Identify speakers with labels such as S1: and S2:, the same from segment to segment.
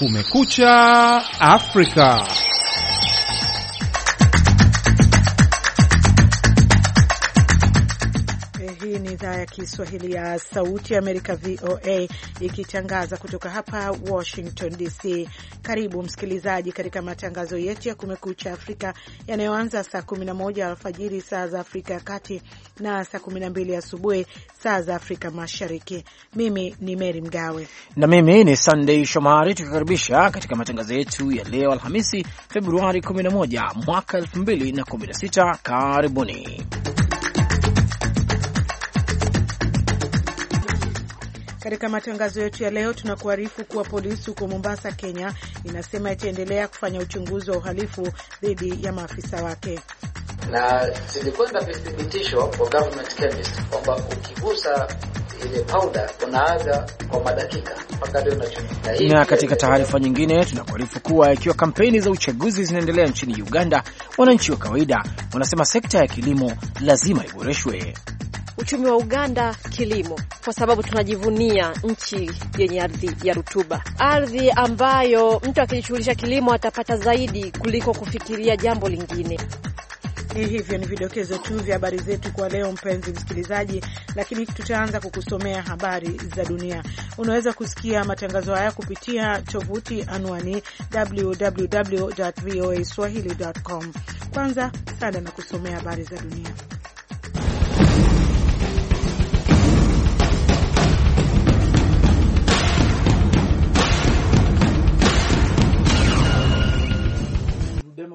S1: Kumekucha Afrika.
S2: idhaa ya Kiswahili ya Sauti Amerika, VOA, ikitangaza kutoka hapa Washington DC. Karibu msikilizaji katika matangazo yetu ya Kumekucha Afrika yanayoanza saa 11 alfajiri saa za Afrika ya Kati na saa 12 asubuhi saa za Afrika Mashariki. Mimi ni Meri Mgawe
S3: na mimi ni Sandei Shomari, tukikaribisha katika matangazo yetu ya leo Alhamisi, Februari 11 mwaka 2016. Karibuni.
S2: Katika matangazo yetu ya leo, tunakuarifu kuwa polisi huko Mombasa, Kenya, inasema itaendelea kufanya uchunguzi wa uhalifu dhidi ya maafisa wake
S3: na zilikwenda vithibitisho kwa government chemist kwamba ukigusa ile powder unaaga kwa madakika mpaka leo. Na katika taarifa nyingine tunakuarifu kuwa ikiwa kampeni za uchaguzi zinaendelea nchini Uganda, wananchi wa kawaida wanasema sekta ya kilimo lazima iboreshwe
S2: uchumi wa Uganda kilimo, kwa sababu tunajivunia nchi yenye ardhi ya rutuba, ardhi ambayo mtu akijishughulisha kilimo atapata zaidi kuliko kufikiria jambo lingine. Ni hivyo, ni vidokezo tu vya habari zetu kwa leo, mpenzi msikilizaji, lakini tutaanza kukusomea habari za dunia. Unaweza kusikia matangazo haya kupitia tovuti anwani www.voaswahili.com. Kwanza sada na kusomea habari za dunia.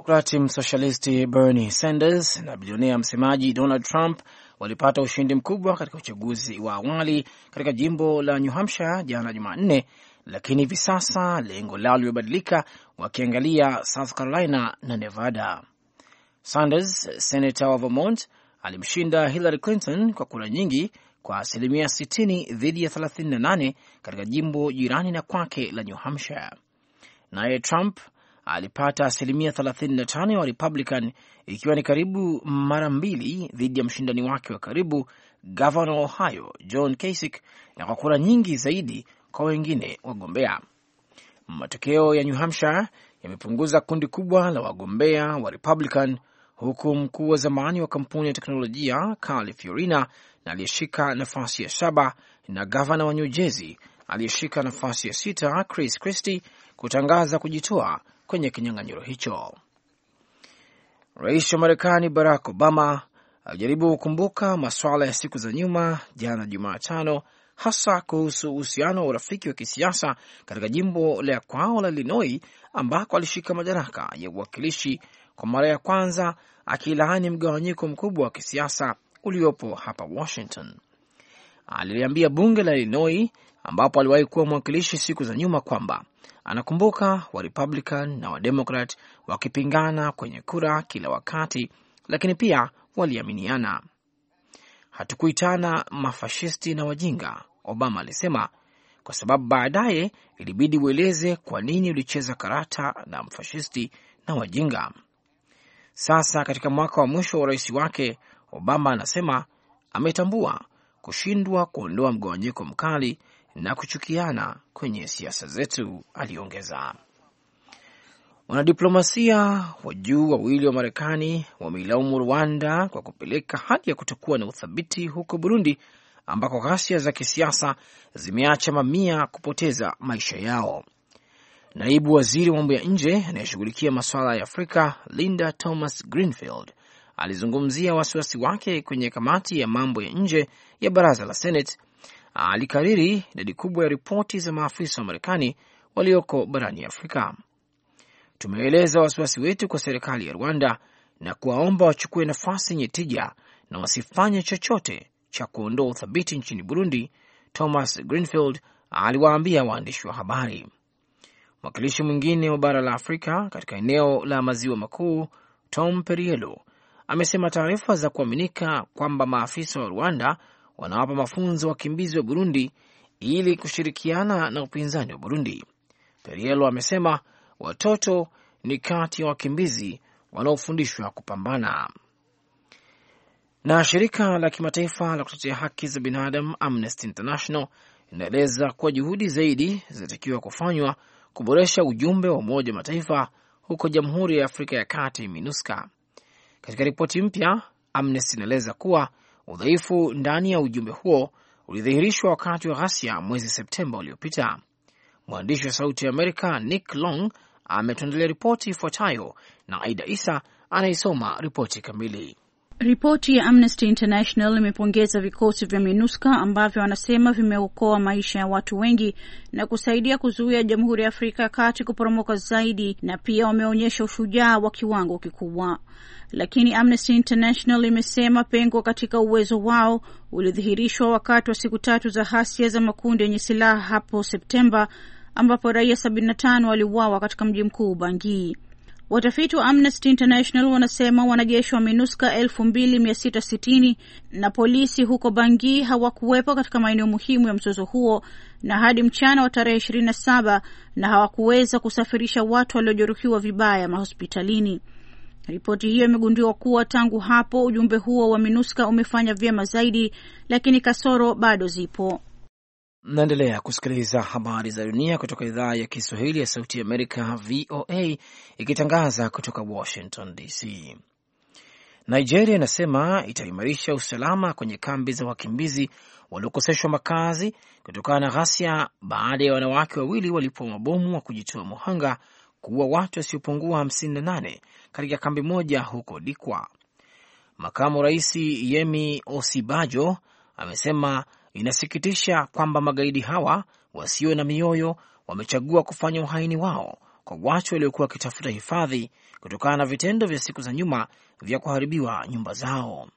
S3: mdemokrati msosialisti Bernie Sanders na bilionea msemaji Donald Trump walipata ushindi mkubwa katika uchaguzi wa awali katika jimbo la New Hampshire jana Jumanne, lakini hivi sasa lengo lao limebadilika, wakiangalia South Carolina na Nevada. Sanders, senata wa Vermont, alimshinda Hillary Clinton kwa kura nyingi kwa asilimia 60 dhidi ya 38 katika jimbo jirani na kwake la New Hampshire. Naye Trump alipata asilimia 35 ya Warepublican, ikiwa ni karibu mara mbili dhidi ya mshindani wake wa karibu gavano wa Ohio John Kasich, na kwa kura nyingi zaidi kwa wengine wagombea. Matokeo ya New Hampshire yamepunguza kundi kubwa la wagombea wa Republican, huku mkuu wa zamani wa kampuni ya teknolojia Carl Fiorina na aliyeshika nafasi ya saba na gavana wa New Jersey aliyeshika nafasi ya sita Chris Christie kutangaza kujitoa kwenye kinyang'anyiro hicho. Rais wa Marekani Barack Obama alijaribu kukumbuka masuala ya siku za nyuma jana Jumatano, hasa kuhusu uhusiano wa urafiki wa kisiasa katika jimbo la kwao la Illinois ambako alishika madaraka ya uwakilishi kwa mara ya kwanza, akilaani mgawanyiko mkubwa wa kisiasa uliopo hapa Washington. Aliliambia bunge la Illinois ambapo aliwahi kuwa mwakilishi siku za nyuma kwamba Anakumbuka Warepublican na Wademokrat wakipingana kwenye kura kila wakati, lakini pia waliaminiana. Hatukuitana mafashisti na wajinga, Obama alisema, kwa sababu baadaye ilibidi ueleze kwa nini ulicheza karata na mfashisti na wajinga. Sasa katika mwaka wa mwisho wa urais wake, Obama anasema ametambua kushindwa kuondoa mgawanyiko mkali na kuchukiana kwenye siasa zetu, aliongeza. Wanadiplomasia wa juu wawili wa Marekani wameilaumu Rwanda kwa kupeleka hali ya kutokuwa na uthabiti huko Burundi, ambako ghasia za kisiasa zimeacha mamia kupoteza maisha yao. Naibu waziri wa mambo ya nje anayeshughulikia masuala ya Afrika Linda Thomas Greenfield alizungumzia wasiwasi wake kwenye kamati ya mambo ya nje ya baraza la Senate alikariri idadi kubwa ya ripoti za maafisa wa Marekani walioko barani Afrika. Tumeeleza wasiwasi wetu kwa serikali ya Rwanda na kuwaomba wachukue nafasi yenye tija na wasifanye chochote cha kuondoa uthabiti nchini Burundi, Thomas Greenfield aliwaambia waandishi wa habari. Mwakilishi mwingine wa bara la Afrika katika eneo la maziwa makuu Tom Perriello amesema taarifa za kuaminika kwamba maafisa wa Rwanda wanawapa mafunzo wakimbizi wa Burundi ili kushirikiana na upinzani wa Burundi. Perielo amesema watoto ni kati ya wakimbizi wanaofundishwa kupambana. Na shirika la kimataifa la kutetea haki za binadamu Amnesty International inaeleza kuwa juhudi zaidi zinatakiwa kufanywa kuboresha ujumbe wa Umoja wa Mataifa huko Jamhuri ya Afrika ya Kati, MINUSCA. Katika ripoti mpya, Amnesty inaeleza kuwa Udhaifu ndani ya ujumbe huo ulidhihirishwa wakati wa ghasia mwezi Septemba uliopita. Mwandishi wa Sauti ya Amerika Nick Long ametuandalia ripoti ifuatayo na Aida Isa anaisoma ripoti kamili.
S2: Ripoti ya Amnesty International imepongeza vikosi vya MINUSCA ambavyo wanasema vimeokoa maisha ya watu wengi na kusaidia kuzuia Jamhuri ya Afrika ya Kati kuporomoka zaidi, na pia wameonyesha ushujaa wa kiwango kikubwa. Lakini Amnesty International imesema pengo katika uwezo wao ulidhihirishwa wakati wa siku tatu za hasia za makundi yenye silaha hapo Septemba, ambapo raia 75 waliuawa katika mji mkuu Bangui. Watafiti wa Amnesty International wanasema wanajeshi wa MINUSCA elfu mbili mia sita sitini na polisi huko Bangi hawakuwepo katika maeneo muhimu ya mzozo huo na hadi mchana wa tarehe ishirini na saba na hawakuweza kusafirisha watu waliojeruhiwa vibaya mahospitalini. Ripoti hiyo imegunduliwa kuwa tangu hapo ujumbe huo wa MINUSCA umefanya vyema zaidi, lakini kasoro bado zipo.
S3: Naendelea kusikiliza habari za dunia kutoka idhaa ya Kiswahili ya Sauti ya Amerika, VOA, ikitangaza kutoka Washington DC. Nigeria inasema itaimarisha usalama kwenye kambi za wakimbizi waliokoseshwa makazi kutokana na ghasia baada ya wanawake wawili walipoa mabomu wa kujitoa muhanga kuua watu wasiopungua 58 katika kambi moja huko Dikwa. Makamu Rais Yemi Osibajo amesema Inasikitisha kwamba magaidi hawa wasio na mioyo wamechagua kufanya uhaini wao kwa watu waliokuwa wakitafuta hifadhi kutokana na vitendo vya siku za nyuma vya kuharibiwa nyumba zao.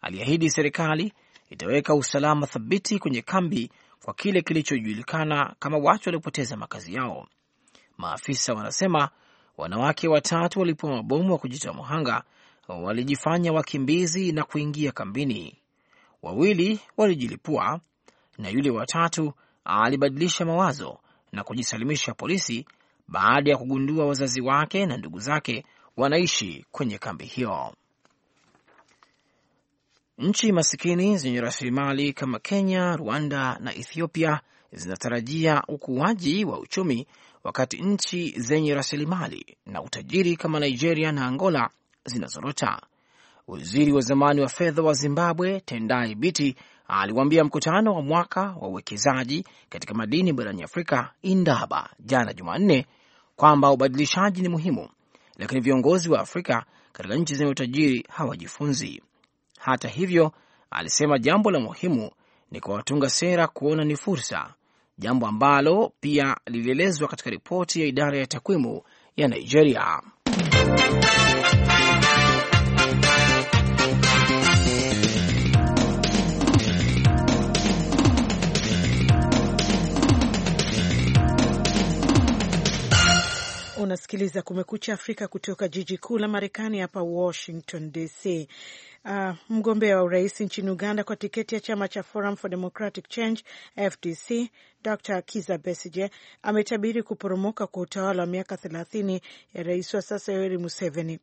S3: Aliahidi serikali itaweka usalama thabiti kwenye kambi kwa kile kilichojulikana kama watu waliopoteza makazi yao. Maafisa wanasema wanawake watatu walipewa mabomu wa kujitoa muhanga walijifanya wakimbizi na kuingia kambini wawili walijilipua na yule watatu alibadilisha mawazo na kujisalimisha polisi baada ya kugundua wazazi wake na ndugu zake wanaishi kwenye kambi hiyo. Nchi masikini zenye rasilimali kama Kenya, Rwanda na Ethiopia zinatarajia ukuaji wa uchumi, wakati nchi zenye rasilimali na utajiri kama Nigeria na Angola zinazorota. Waziri wa zamani wa fedha wa Zimbabwe Tendai Biti aliwaambia mkutano wa mwaka wa uwekezaji katika madini barani Afrika Indaba jana Jumanne kwamba ubadilishaji ni muhimu, lakini viongozi wa Afrika katika nchi zenye utajiri hawajifunzi. Hata hivyo, alisema jambo la muhimu ni kwa watunga sera kuona ni fursa, jambo ambalo pia lilielezwa katika ripoti ya idara ya takwimu ya Nigeria.
S2: Unasikiliza Kumekucha Afrika kutoka jiji kuu la Marekani, hapa Washington DC. Uh, ah, mgombea wa urais nchini Uganda kwa tiketi ya chama cha Forum for Democratic Change FDC, Dr. Kiza Besige ametabiri kuporomoka kwa utawala wa miaka thelathini ya rais wa sasa Yoweri Museveni.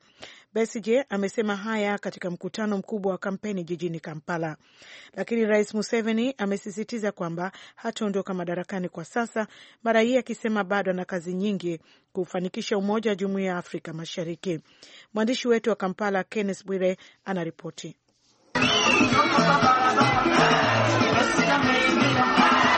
S2: Besigye amesema haya katika mkutano mkubwa wa kampeni jijini Kampala, lakini Rais Museveni amesisitiza kwamba hataondoka madarakani kwa sasa, mara hii akisema bado ana kazi nyingi kufanikisha umoja wa jumuiya ya Afrika Mashariki. Mwandishi wetu wa Kampala, Kenneth Bwire, anaripoti.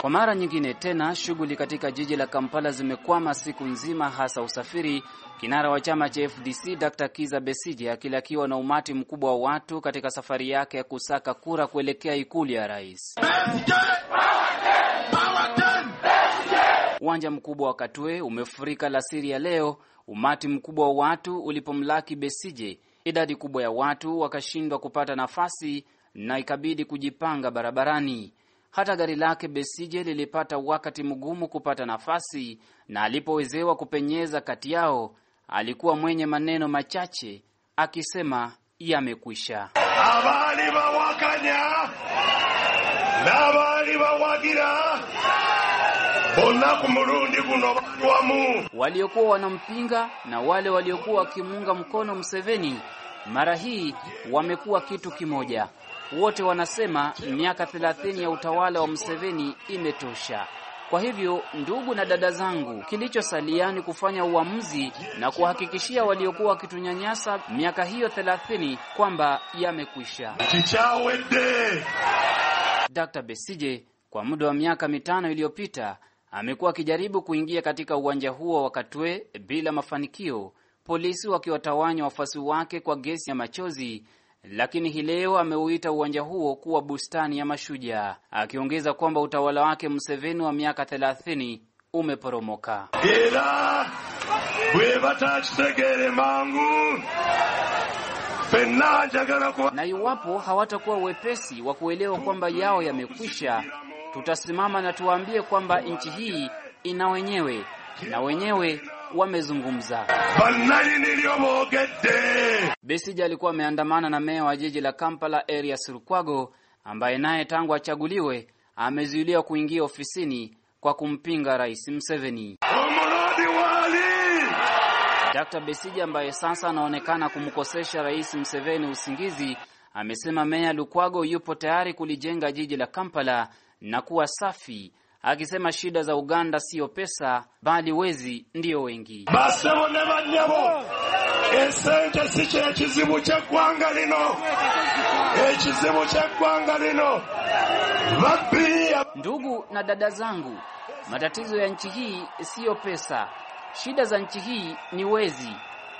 S2: Kwa mara nyingine
S4: tena shughuli katika jiji la Kampala zimekwama siku nzima, hasa usafiri. Kinara wa chama cha FDC Dr. Kiza Besije akilakiwa na umati mkubwa wa watu katika safari yake ya kusaka kura kuelekea ikulu ya rais. Uwanja mkubwa wa Katwe umefurika la siri ya leo, umati mkubwa wa watu ulipomlaki Besije. Idadi kubwa ya watu wakashindwa kupata nafasi na ikabidi kujipanga barabarani. Hata gari lake Besije lilipata wakati mgumu kupata nafasi, na alipowezewa kupenyeza kati yao, alikuwa mwenye maneno machache akisema yamekwisha.
S5: abali bawakanya nabali bawagira
S4: bonna ku mulundi guno Waliokuwa wanampinga na wale waliokuwa wakimuunga mkono Museveni mara hii wamekuwa kitu kimoja. Wote wanasema miaka 30 ya utawala wa Museveni imetosha. Kwa hivyo ndugu na dada zangu, kilichosalia ni kufanya uamuzi na kuwahakikishia waliokuwa wakitunyanyasa miaka hiyo 30 kwamba yamekwisha. Dr. Besije kwa muda wa miaka mitano iliyopita amekuwa akijaribu kuingia katika uwanja huo wa Katwe bila mafanikio, polisi wakiwatawanya wafuasi wake kwa gesi ya machozi lakini hii leo ameuita uwanja huo kuwa bustani ya mashujaa, akiongeza kwamba utawala wake Museveni wa miaka 30 umeporomoka. na iwapo hawatakuwa wepesi wa kuelewa kwamba yao yamekwisha, tutasimama na tuwaambie kwamba nchi hii ina wenyewe na wenyewe wamezungumza. Besigye alikuwa ameandamana na meya wa jiji la Kampala Erias Lukwago ambaye naye tangu achaguliwe amezuiliwa kuingia ofisini kwa kumpinga Rais Museveni. Dr. Besigye ambaye sasa anaonekana kumkosesha Rais Museveni usingizi amesema meya Lukwago yupo tayari kulijenga jiji la Kampala na kuwa safi akisema shida za Uganda siyo pesa, bali wezi ndiyo wengi. basebo ne banyabo
S5: esente si kyeggwanga lino ekizibu kyeggwanga lino
S4: Ndugu na dada zangu, matatizo ya nchi hii siyo pesa, shida za nchi hii ni wezi,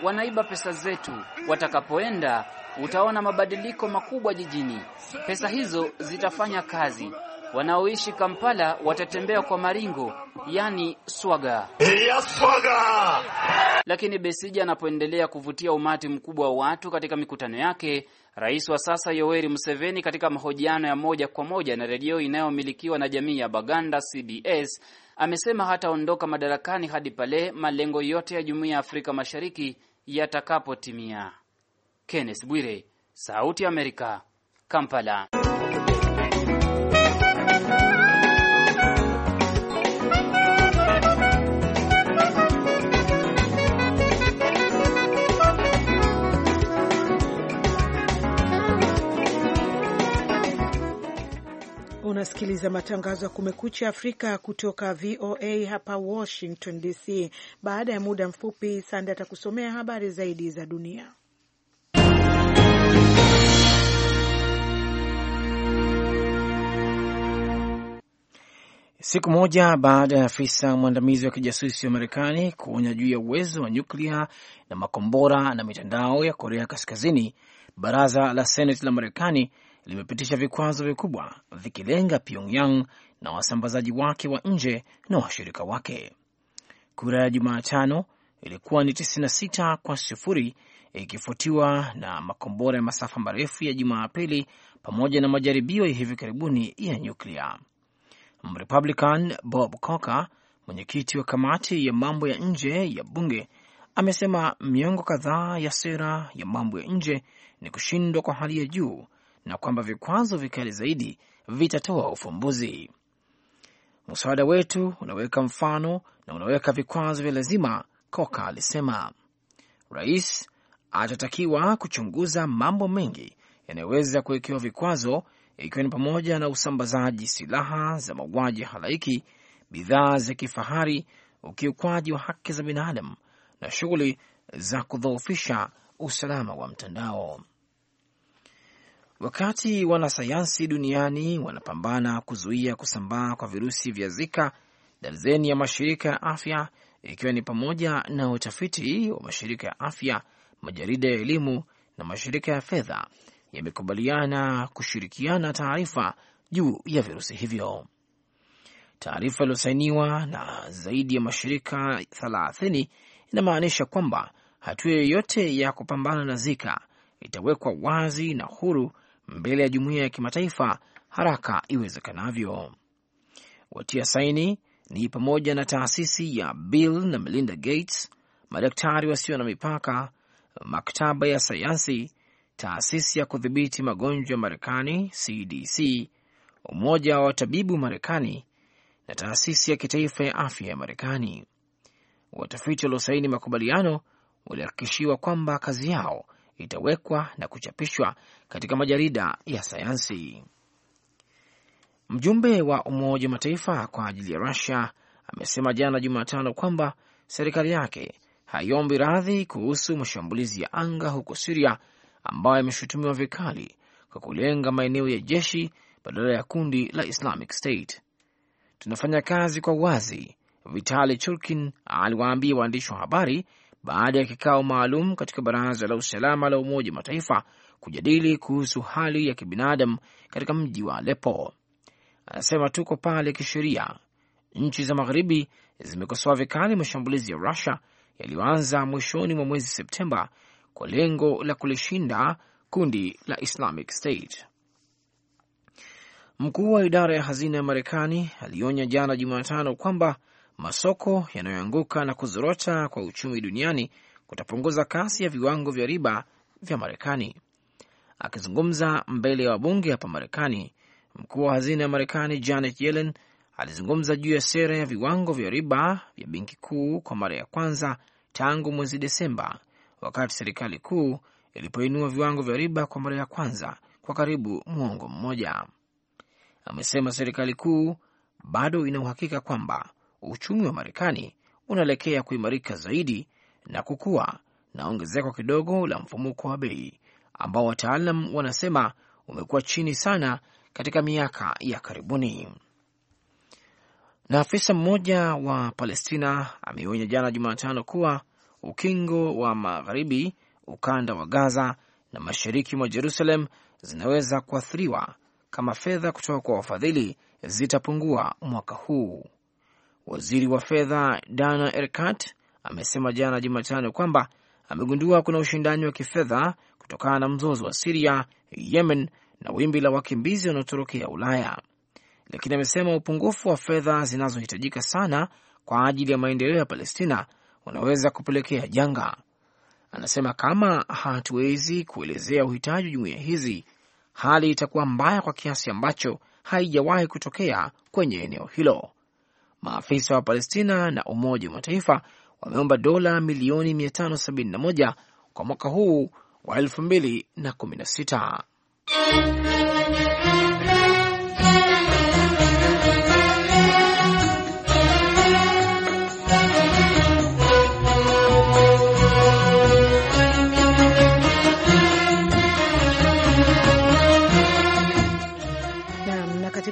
S4: wanaiba pesa zetu. Watakapoenda utaona mabadiliko makubwa jijini, pesa hizo zitafanya kazi wanaoishi Kampala watatembea kwa maringo, yani swaga ya swaga. Lakini Besija anapoendelea kuvutia umati mkubwa wa watu katika mikutano yake, rais wa sasa Yoweri Museveni katika mahojiano ya moja kwa moja na redio inayomilikiwa na jamii ya Baganda CBS amesema hataondoka madarakani hadi pale malengo yote ya Jumuiya ya Afrika Mashariki yatakapotimia. Kenneth Bwire, Sauti ya Amerika, Kampala.
S2: unasikiliza matangazo ya Kumekucha Afrika kutoka VOA hapa Washington DC. Baada ya muda mfupi, Sande atakusomea habari zaidi za dunia.
S3: Siku moja baada ya afisa mwandamizi wa kijasusi wa Marekani kuonya juu ya uwezo wa nyuklia na makombora na mitandao ya Korea Kaskazini, baraza la Seneti la Marekani limepitisha vikwazo vikubwa vikilenga Pyongyang na wasambazaji wake wa nje na washirika wake. Kura ya Jumatano ilikuwa ni 96 kwa sifuri ikifuatiwa na makombora ya masafa marefu ya Jumapili pamoja na majaribio ya hivi karibuni ya nyuklia. Mrepublican Bob Corker, mwenyekiti wa kamati ya mambo ya nje ya bunge, amesema miongo kadhaa ya sera ya mambo ya nje ni kushindwa kwa hali ya juu na kwamba vikwazo vikali zaidi vitatoa ufumbuzi. Mswada wetu unaweka mfano na unaweka vikwazo vya lazima, Koka alisema. Rais atatakiwa kuchunguza mambo mengi yanayoweza kuwekewa vikwazo, ikiwa ni pamoja na usambazaji silaha za mauaji halaiki, bidhaa za kifahari, ukiukwaji wa haki za binadamu na shughuli za kudhoofisha usalama wa mtandao. Wakati wanasayansi duniani wanapambana kuzuia kusambaa kwa virusi vya Zika, darzeni ya mashirika ya afya ikiwa ni pamoja na utafiti wa mashirika ya afya, majarida ya elimu na mashirika ya fedha yamekubaliana kushirikiana taarifa juu ya virusi hivyo. Taarifa iliyosainiwa na zaidi ya mashirika thelathini inamaanisha kwamba hatua yoyote ya kupambana na Zika itawekwa wazi na huru mbele ya jumuiya ya kimataifa haraka iwezekanavyo. Watia saini ni pamoja na taasisi ya Bill na Melinda Gates, madaktari wasio na mipaka, maktaba ya sayansi, taasisi ya kudhibiti magonjwa Marekani CDC, umoja wa watabibu Marekani na taasisi ya kitaifa ya afya ya Marekani. Watafiti waliosaini makubaliano walihakikishiwa kwamba kazi yao itawekwa na kuchapishwa katika majarida ya sayansi. Mjumbe wa Umoja wa Mataifa kwa ajili ya Rusia amesema jana Jumatano kwamba serikali yake haiombi radhi kuhusu mashambulizi ya anga huko Siria ambayo yameshutumiwa vikali kwa kulenga maeneo ya jeshi badala ya kundi la Islamic State. Tunafanya kazi kwa wazi, Vitali Churkin aliwaambia waandishi wa habari baada ya kikao maalum katika Baraza la Usalama la Umoja wa Mataifa kujadili kuhusu hali ya kibinadamu katika mji wa alepo Anasema tuko pale kisheria. Nchi za Magharibi zimekosoa vikali mashambulizi ya Rusia yaliyoanza mwishoni mwa mwezi Septemba kwa lengo la kulishinda kundi la Islamic State. Mkuu wa idara ya hazina ya Marekani alionya jana Jumatano kwamba masoko yanayoanguka na kuzorota kwa uchumi duniani kutapunguza kasi ya viwango vya riba vya Marekani. Akizungumza mbele ya wabunge hapa Marekani, mkuu wa hazina ya Marekani Janet Yellen alizungumza juu ya sera ya viwango vya riba vya benki kuu kwa mara ya kwanza tangu mwezi Desemba, wakati serikali kuu ilipoinua viwango vya riba kwa mara ya kwanza kwa karibu mwongo mmoja. Amesema serikali kuu bado ina uhakika kwamba uchumi wa Marekani unaelekea kuimarika zaidi na kukua na ongezeko kidogo la mfumuko wa bei ambao wataalam wanasema umekuwa chini sana katika miaka ya karibuni. Na afisa mmoja wa Palestina ameonya jana Jumatano kuwa ukingo wa magharibi, ukanda wa Gaza na mashariki mwa Jerusalem zinaweza kuathiriwa kama fedha kutoka kwa wafadhili zitapungua mwaka huu. Waziri wa fedha Dana Erkat amesema jana Jumatano kwamba amegundua kuna ushindani wa kifedha kutokana na mzozo wa Siria, Yemen na wimbi la wakimbizi wanaotorokea Ulaya, lakini amesema upungufu wa fedha zinazohitajika sana kwa ajili ya maendeleo ya Palestina unaweza kupelekea janga. Anasema kama hatuwezi kuelezea uhitaji wa jumuiya hizi, hali itakuwa mbaya kwa kiasi ambacho haijawahi kutokea kwenye eneo hilo. Maafisa wa Palestina na Umoja wa Mataifa wameomba dola milioni 571 kwa mwaka huu wa 2016.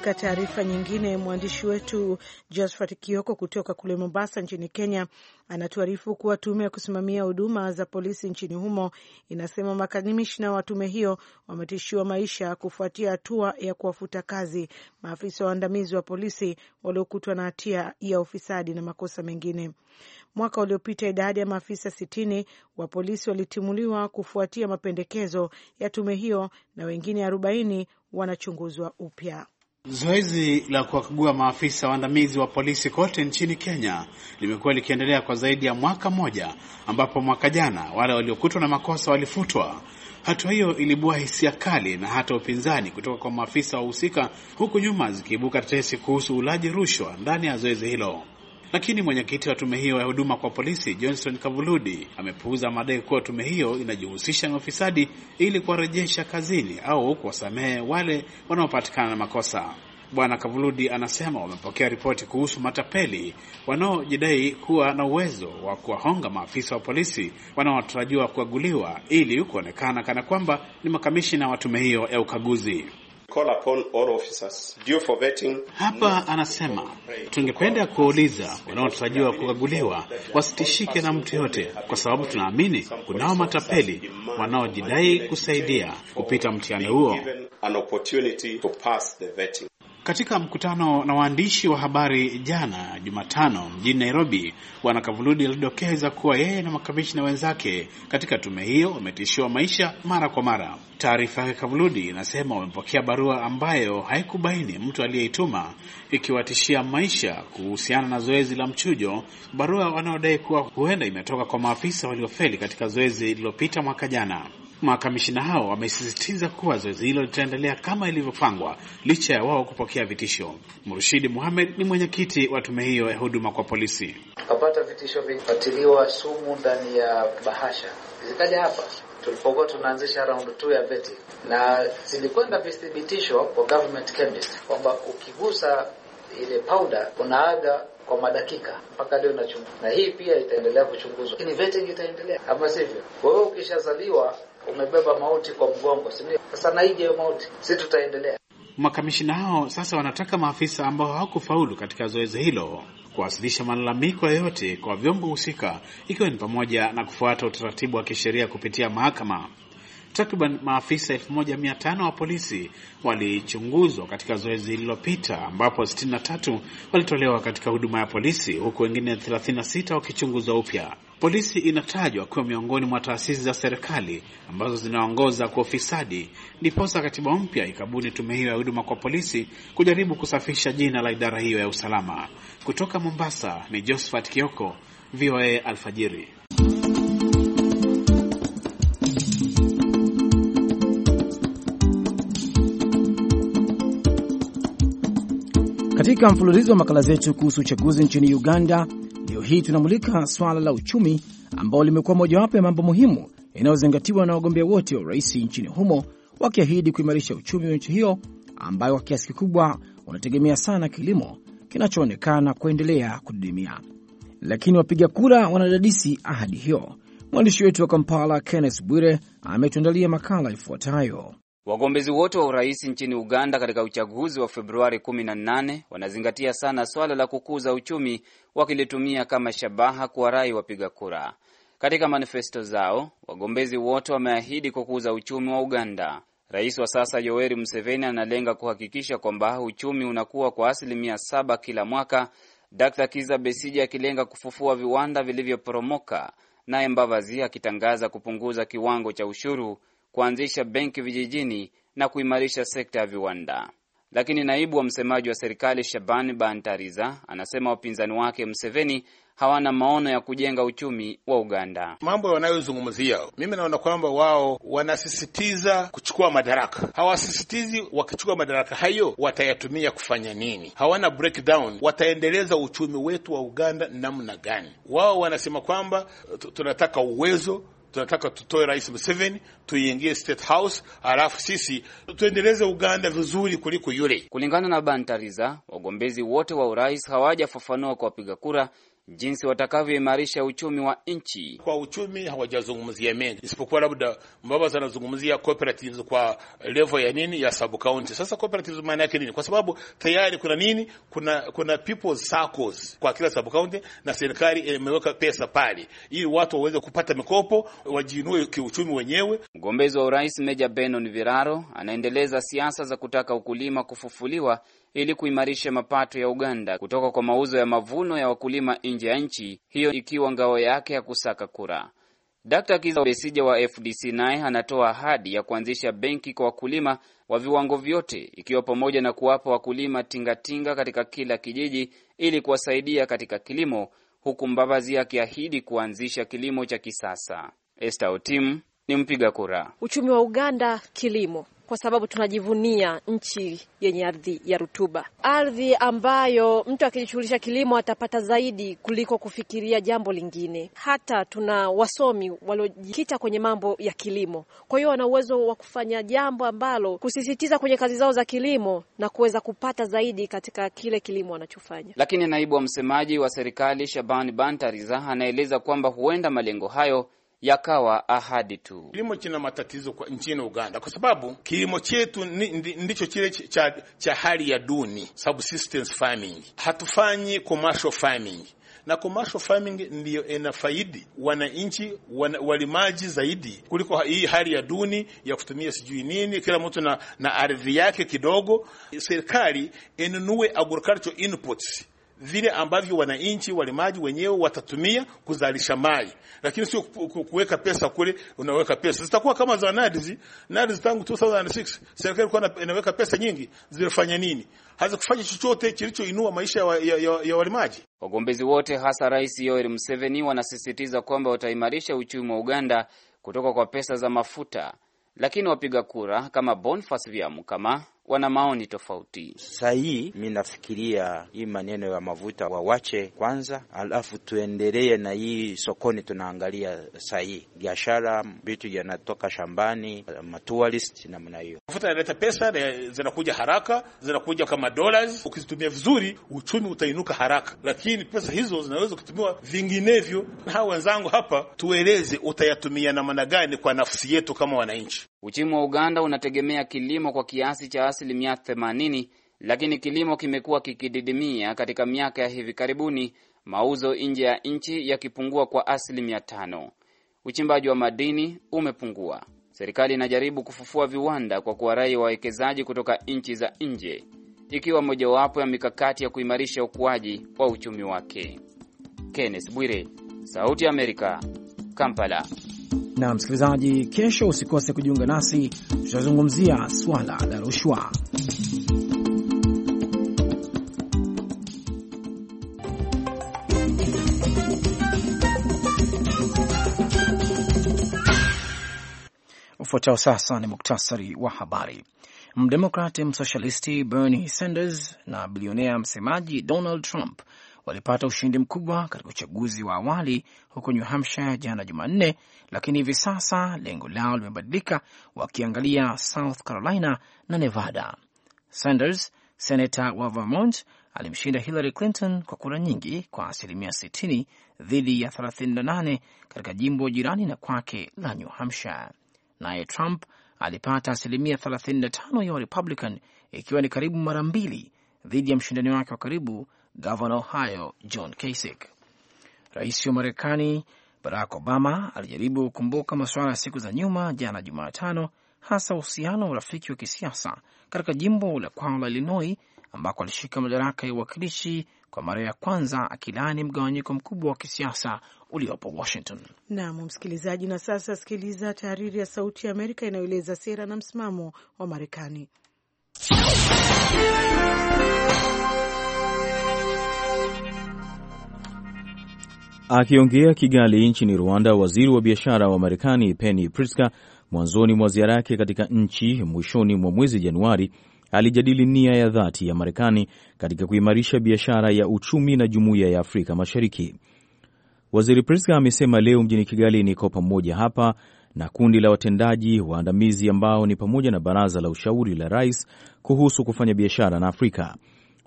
S2: Katika taarifa nyingine, mwandishi wetu Josphat Kioko kutoka kule Mombasa nchini Kenya anatuarifu kuwa tume ya kusimamia huduma za polisi nchini humo inasema makamishna wa tume hiyo wametishiwa maisha kufuatia hatua ya kuwafuta kazi maafisa waandamizi wa polisi waliokutwa na hatia ya ufisadi na makosa mengine. Mwaka uliopita idadi ya maafisa sitini wa polisi walitimuliwa kufuatia mapendekezo ya tume hiyo na wengine arobaini wanachunguzwa upya.
S1: Zoezi la kuwakagua maafisa waandamizi wa polisi kote nchini Kenya limekuwa likiendelea kwa zaidi ya mwaka mmoja, ambapo mwaka jana wale waliokutwa na makosa walifutwa. Hatua hiyo ilibua hisia kali na hata upinzani kutoka kwa maafisa wahusika, huku nyuma zikiibuka tetesi kuhusu ulaji rushwa ndani ya zoezi hilo. Lakini mwenyekiti wa tume hiyo ya huduma kwa polisi Johnson Kavuludi amepuuza madai kuwa tume hiyo inajihusisha na ufisadi ili kuwarejesha kazini au kuwasamehe wale wanaopatikana na makosa. Bwana Kavuludi anasema wamepokea ripoti kuhusu matapeli wanaojidai kuwa na uwezo wa kuwahonga maafisa wa polisi wanaotarajiwa kuaguliwa ili kuonekana kana kwamba ni makamishina wa tume hiyo ya ukaguzi
S5: call upon all officers due for vetting.
S1: Hapa anasema tungependa kuwauliza wanaotarajiwa kukaguliwa wasitishike na mtu yote, kwa sababu tunaamini kunao matapeli wanaojidai kusaidia kupita mtihani huo. An
S5: opportunity to pass the vetting.
S1: Katika mkutano na waandishi wa habari jana Jumatano mjini Nairobi, Bwana Kavuludi alidokeza kuwa yeye na makamishina wenzake katika tume hiyo wametishiwa maisha mara kwa mara. Taarifa yake Kavuludi inasema wamepokea barua ambayo haikubaini mtu aliyeituma ikiwatishia maisha kuhusiana na zoezi la mchujo, barua wanaodai kuwa huenda imetoka kwa maafisa waliofeli katika zoezi lililopita mwaka jana. Makamishina hao wamesisitiza kuwa zoezi hilo litaendelea kama ilivyopangwa licha ya wao kupokea vitisho. Murshidi Muhamed ni mwenyekiti wa tume hiyo ya huduma kwa polisi.
S3: Tukapata vitisho vilipatiliwa sumu ndani ya bahasha zikaja hapa tulipokuwa tunaanzisha round two ya beti, na zilikwenda vithibitisho kwa government chemist kwamba ukigusa ile powder unaaga kwa madakika mpaka leo inachunguzwa, na hii pia itaendelea kuchunguzwa, lakini vetting
S2: itaendelea, ama sivyo?
S4: Kwa hiyo ukishazaliwa umebeba mauti kwa mgongo, si ndio? Sasa na hiyo mauti, si tutaendelea?
S1: Makamishina hao sasa wanataka maafisa ambao hawakufaulu katika zoezi hilo kuwasilisha malalamiko yoyote kwa vyombo husika, ikiwa ni pamoja na kufuata utaratibu wa kisheria kupitia mahakama. Takriban maafisa 1500 wa polisi walichunguzwa katika zoezi lililopita, ambapo 63 walitolewa katika huduma ya polisi huku wengine 36 wakichunguzwa upya. Polisi inatajwa kuwa miongoni mwa taasisi za serikali ambazo zinaongoza kwa ufisadi, ndiposa katiba mpya ikabuni tume hiyo ya huduma kwa polisi kujaribu kusafisha jina la idara hiyo ya usalama. Kutoka Mombasa ni Josephat Kioko, VOA Alfajiri.
S3: Katika mfululizo wa makala zetu kuhusu uchaguzi nchini Uganda, leo hii tunamulika swala la uchumi ambao limekuwa mojawapo ya mambo muhimu yanayozingatiwa na wagombea wote wa urais nchini humo, wakiahidi kuimarisha uchumi wa nchi hiyo ambayo kwa kiasi kikubwa unategemea sana kilimo kinachoonekana kuendelea kudidimia. Lakini wapiga kura wanadadisi ahadi hiyo. Mwandishi wetu wa Kampala, Kenneth Bwire, ametuandalia makala ifuatayo.
S4: Wagombezi wote wa urais nchini Uganda katika uchaguzi wa Februari 18 wanazingatia sana swala la kukuza uchumi, wakilitumia kama shabaha kuwarai wapiga kura. Katika manifesto zao, wagombezi wote wameahidi kukuza uchumi wa Uganda. Rais wa sasa Yoweri Museveni analenga kuhakikisha kwamba uchumi unakuwa kwa asilimia saba kila mwaka, Dr. Kiza Besije akilenga kufufua viwanda vilivyoporomoka, naye Mbavazi akitangaza kupunguza kiwango cha ushuru kuanzisha benki vijijini na kuimarisha sekta ya viwanda. Lakini naibu wa msemaji wa serikali Shaban Bantariza anasema wapinzani wake Mseveni hawana maono ya kujenga uchumi wa Uganda.
S5: Mambo wanayozungumzia, mimi naona kwamba wao wanasisitiza kuchukua madaraka, hawasisitizi wakichukua madaraka hayo watayatumia kufanya nini. Hawana breakdown, wataendeleza uchumi wetu wa Uganda namna gani? Wao wanasema kwamba tunataka uwezo tunataka
S4: tutoe Rais Museveni tuingie State House, alafu sisi tuendeleze Uganda vizuri kuliko yule. Kulingana na Bantariza, wagombezi wote wa urais hawajafafanua kwa wapiga kura jinsi watakavyoimarisha uchumi wa nchi. Kwa uchumi hawajazungumzia
S5: mengi, isipokuwa labda Mbabazi anazungumzia cooperatives kwa level ya nini ya sub county. Sasa cooperatives maana yake nini? Kwa sababu tayari kuna nini, kuna kuna people circles kwa kila sub county, na serikali imeweka pesa pale ili watu waweze kupata mikopo, wajiinue
S4: kiuchumi wenyewe. Mgombezi wa urais Meja Benon Viraro anaendeleza siasa za kutaka ukulima kufufuliwa ili kuimarisha mapato ya Uganda kutoka kwa mauzo ya mavuno ya wakulima nje ya nchi, hiyo ikiwa ngao yake ya kusaka kura. Dkt. Kizza Besigye wa FDC naye anatoa ahadi ya kuanzisha benki kwa wakulima wa viwango vyote, ikiwa pamoja na kuwapa wakulima tingatinga katika kila kijiji ili kuwasaidia katika kilimo, huku Mbabazi akiahidi kuanzisha kilimo cha kisasa. Esther Otim ni mpiga kura.
S2: Uchumi wa Uganda, kilimo kwa sababu tunajivunia nchi yenye ardhi ya rutuba, ardhi ambayo mtu akijishughulisha kilimo atapata zaidi kuliko kufikiria jambo lingine. Hata tuna wasomi waliojikita kwenye mambo ya kilimo, kwa hiyo wana uwezo wa kufanya jambo ambalo kusisitiza kwenye kazi zao za kilimo na kuweza kupata zaidi katika kile kilimo wanachofanya.
S4: Lakini naibu wa msemaji wa serikali Shabani Bantariza anaeleza kwamba huenda malengo hayo yakawa ahadi tu. Kilimo kina matatizo nchini
S5: Uganda kwa sababu kilimo chetu ndicho kile cha, cha hali ya duni, subsistence farming. Hatufanyi commercial farming na commercial farming ndiyo inafaidi wananchi wana, walimaji zaidi kuliko hii hali ya duni ya kutumia sijui nini, kila mtu na, na ardhi yake kidogo. Serikali inunue agricultural inputs vile ambavyo wananchi walemaji wenyewe watatumia kuzalisha mai, lakini sio kuweka pesa kule. Unaweka pesa zitakuwa kama za NADS. NADS tangu 2006 serikali ilikuwa inaweka pesa
S4: nyingi, zilifanya nini? Hazikufanya chochote kilichoinua maisha ya, ya, ya, ya walemaji. Wagombezi wote hasa Rais Yoweri Museveni wanasisitiza kwamba wataimarisha uchumi wa Uganda kutoka kwa pesa za mafuta, lakini wapiga kura kama Boniface Byamukama wana maoni tofauti.
S6: Saa hii mi nafikiria hii maneno ya mavuta wawache kwanza, alafu tuendelee na hii sokoni. Tunaangalia saa hii biashara, vitu yanatoka shambani, matourist namna hiyo. Mafuta
S5: yanaleta pesa, zinakuja haraka, zinakuja kama dollars. Ukizitumia vizuri, uchumi utainuka haraka, lakini pesa hizo zinaweza kutumiwa vinginevyo. Na hawa wenzangu hapa, tueleze utayatumia namna
S4: gani kwa nafsi yetu kama wananchi. Uchumi wa Uganda unategemea kilimo kwa kiasi cha asilimia 80, lakini kilimo kimekuwa kikididimia katika miaka ya hivi karibuni, mauzo nje ya nchi yakipungua kwa asilimia tano. Uchimbaji wa madini umepungua. Serikali inajaribu kufufua viwanda kwa kuwarai wawekezaji kutoka nchi za nje, ikiwa mojawapo ya mikakati ya kuimarisha ukuaji wa uchumi wake. Kenneth Bwire, Sauti ya Amerika, Kampala
S3: na msikilizaji, kesho usikose kujiunga nasi, tutazungumzia swala la rushwa. Ufuatao sasa ni muktasari wa habari. Mdemokrati msocialisti Bernie Sanders na bilionea msemaji Donald Trump walipata ushindi mkubwa katika uchaguzi wa awali huko New Hampshire jana Jumanne, lakini hivi sasa lengo lao limebadilika, wakiangalia South Carolina na Nevada. Sanders, senata wa Vermont, alimshinda Hillary Clinton kwa kura nyingi kwa asilimia 60 dhidi ya 38 katika jimbo jirani na kwake la New Hampshire. Naye Trump alipata asilimia 35 ya Warepublican, ikiwa ni karibu mara mbili dhidi ya mshindani wake wa karibu gavana Ohio John Kasich. Rais wa Marekani Barack Obama alijaribu kukumbuka masuala ya siku za nyuma jana Jumatano, hasa uhusiano wa urafiki wa kisiasa katika jimbo la kwao la Illinois ambako alishika madaraka ya uwakilishi kwa mara ya kwanza akilaani mgawanyiko mkubwa wa kisiasa uliopo Washington.
S2: Naam msikilizaji, na sasa sikiliza tahariri ya Sauti ya Amerika inayoeleza sera na msimamo wa Marekani.
S6: Akiongea Kigali nchini Rwanda, waziri wa biashara wa Marekani Penny Pritzker mwanzoni mwa ziara yake katika nchi mwishoni mwa mwezi Januari alijadili nia ya dhati ya Marekani katika kuimarisha biashara ya uchumi na jumuiya ya Afrika Mashariki. Waziri Pritzker amesema leo mjini Kigali niko pamoja hapa na kundi la watendaji waandamizi ambao ni pamoja na baraza la ushauri la rais kuhusu kufanya biashara na Afrika.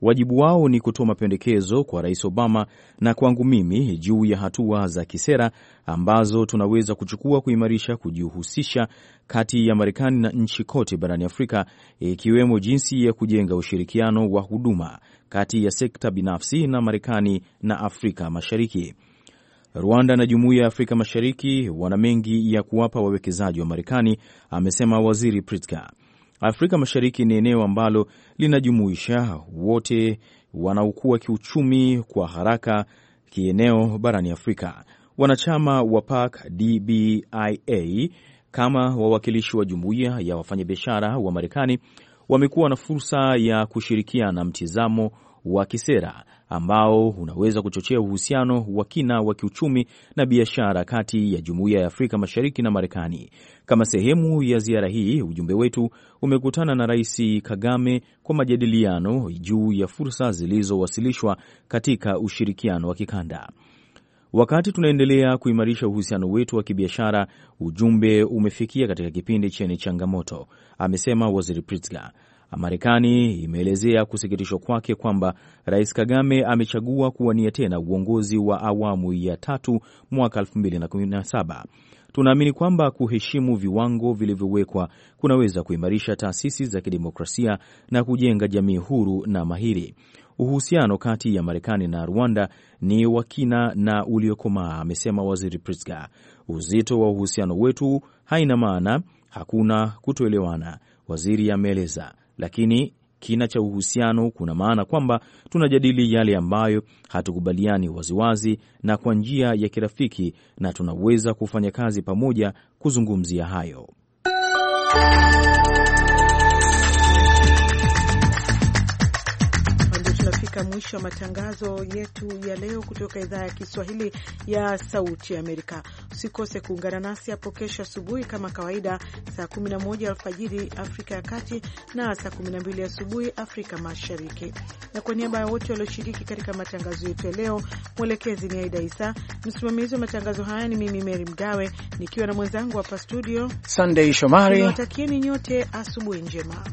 S6: Wajibu wao ni kutoa mapendekezo kwa Rais Obama na kwangu mimi juu ya hatua za kisera ambazo tunaweza kuchukua kuimarisha kujihusisha kati ya Marekani na nchi kote barani Afrika, ikiwemo jinsi ya kujenga ushirikiano wa huduma kati ya sekta binafsi na Marekani na Afrika Mashariki. Rwanda na Jumuiya ya Afrika Mashariki wana mengi ya kuwapa wawekezaji wa Marekani, amesema Waziri Pritzker. Afrika Mashariki ni eneo ambalo linajumuisha wote wanaokuwa kiuchumi kwa haraka kieneo barani Afrika. Wanachama wa PAK DBIA kama wawakilishi wa jumuiya ya wafanyabiashara wa Marekani wamekuwa na fursa ya kushirikiana mtizamo wa kisera ambao unaweza kuchochea uhusiano wa kina wa kiuchumi na biashara kati ya Jumuiya ya Afrika Mashariki na Marekani. Kama sehemu ya ziara hii, ujumbe wetu umekutana na Rais Kagame kwa majadiliano juu ya fursa zilizowasilishwa katika ushirikiano wa kikanda. Wakati tunaendelea kuimarisha uhusiano wetu wa kibiashara, ujumbe umefikia katika kipindi chenye changamoto, amesema Waziri Pritzker. Marekani imeelezea kusikitishwa kwake kwamba Rais Kagame amechagua kuwania tena uongozi wa awamu ya tatu mwaka 2017. Tunaamini kwamba kuheshimu viwango vilivyowekwa kunaweza kuimarisha taasisi za kidemokrasia na kujenga jamii huru na mahiri. Uhusiano kati ya Marekani na Rwanda ni wa kina na uliokomaa, amesema Waziri Pritzker. Uzito wa uhusiano wetu haina maana hakuna kutoelewana, waziri ameeleza lakini kina cha uhusiano kuna maana kwamba tunajadili yale ambayo hatukubaliani waziwazi na kwa njia ya kirafiki, na tunaweza kufanya kazi pamoja kuzungumzia hayo.
S2: tunafika mwisho wa matangazo yetu ya leo kutoka idhaa ya Kiswahili ya Sauti ya Amerika. Usikose kuungana nasi hapo kesho asubuhi kama kawaida, saa 11 alfajiri Afrika ya Kati na saa 12 asubuhi Afrika Mashariki. Na kwa niaba ya wote walioshiriki katika matangazo yetu ya leo, mwelekezi ni Aida Isa, msimamizi wa matangazo haya ni mimi Meri Mgawe nikiwa na mwenzangu hapa studio
S3: Sandei Shomari.
S2: Nawatakieni nyote asubuhi njema.